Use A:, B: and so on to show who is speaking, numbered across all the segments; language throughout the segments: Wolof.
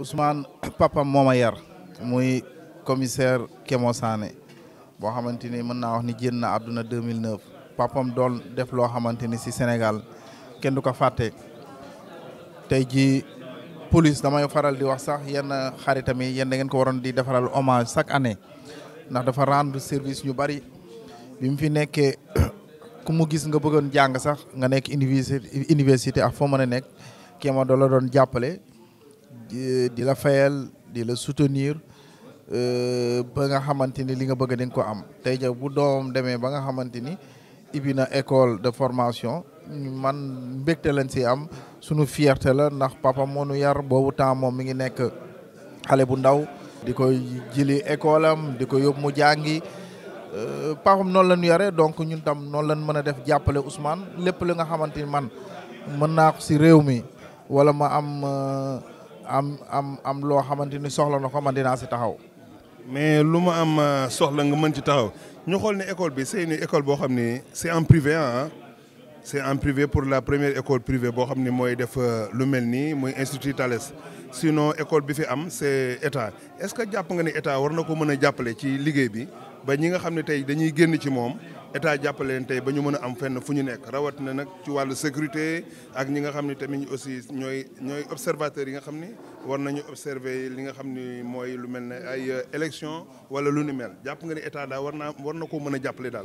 A: Ousmane papa moo ma yar muy commissaire Kémo Sané boo mën wax ni na 2009 papam doon def loo xamante si Sénégal kenn du ko fàtte tey police damay faral di wax sax yenn xaritam yi yéen ngeen ko di defaral hommage chaque année ndax dafa rendre service ñu bari bi mu fi nekkee ku mu gis nga bëggoon jàng sax nga université université ak a nekk Kémo la doon di la fayal di la soutenir eh, ba nga xamante ni li nga bëgg ko am tey ja bu doom demee ba nga xamante na école de formation man mbégte lañ am sunu fierté la ndax papa moo nu yar boobu temps moom mi ngi bu ndaw di ko jëli école am di ko yóbbu mu jàngi eh, papam noonu la ñu yare donc ñun tam noonu lañ def jàppale Ousmane lépp li nga man mën ko si réew mi wala ma am eh,
B: am am am loo xamante ni soxla na ko man dinaa si taxaw. mais lu ma am euh, soxla nga mën ci taxaw ñu xool ne école bi c'est une école boo xam ni c'est en privé ah. c'est en privé pour la première école privée bo xam ni def euh, lu melni, moy institut Thalès sinon école bi fi am c'est état est-ce que japp nga ni état war na ko mën a ci liguey bi ba ñi nga xam tay dañuy génn ci mom état jàppale leen tey ba ñu mën am fenn fu ñu rawat na nak ci walu sécurité ak ñi nga xam ne tamit aussi ñoy ñoy observateur yi nga xam ni war nañu observer li nga xam moy lu mel ay euh, élection wala lu ni mel japp nga ne état da war naa war ko mën a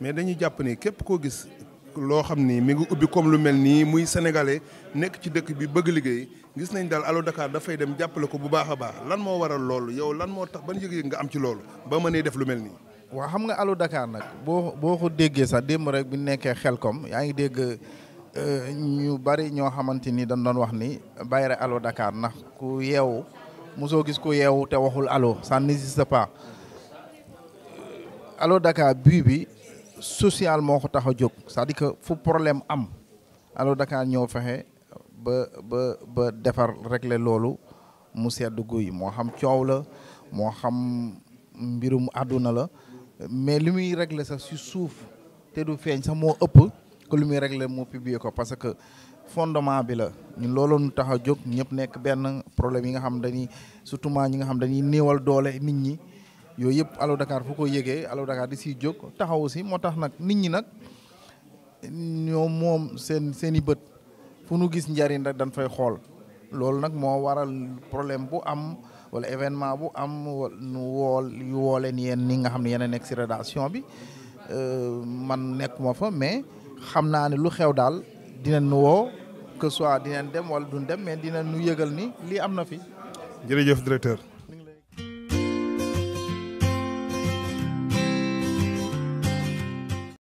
B: mais dañuy jàpp ni képp koo gis loo xam ni mi ngi ubbi comme lu mel nii muy sénégalais nekk ci dëkk bi bëgg liggéey gis nañ daal Allo dakaar dafay dem jàppale ko bu baax a baax lan moo waral loolu yow lan moo tax ban yëg-yëg nga am ci loolu ba mënee def lu mel nii.
A: waa xam nga Allo Dakar nag boo boo ko déggee sax démb rek bi nekkee Xelkom yaa ngi dégg euh, ñu bari ñoo xamante ni dañ doon wax ni bàyyi aloo dakaar Dakar ndax ku yeewu mosoo gis ku yeewu te waxul allo ça n'existe pas social moo ko tax a jóg c'est-à-dire que fu problème am Allo Dakar ñoo fexe ba ba ba defar régler loolu mu sedd guy moo xam coow la moo xam mbirum àdduna la mais li muy régler sax si suuf te du feeñ sax moo ëpp que li muy régler moo publier ko parce que fondement bi la ñun loolu nu tax a jóg ñëpp nekk benn problème yi nga xam dañuy surtout ñi nga xam dañuy néewal doole nit ñi yooyu yëpp Allo Dakar fu ko yëgee Dakar di siy jóg taxaw si moo tax nag nit ñi nag ñoom moom seen seen i fu nu gis njariñ rek dañ fay waral problème bu am wala événement bu am nu wool yu woo leen yéen ni nga xam ne yéen a nekk si rédaction bi euh, man nekkuma fa mais xam naa lu xew daal dinañ nu que soit dinañ dem wala duñ dem mais dinañ nu yegal ni lii amna na fi.
B: jërëjëf directeur.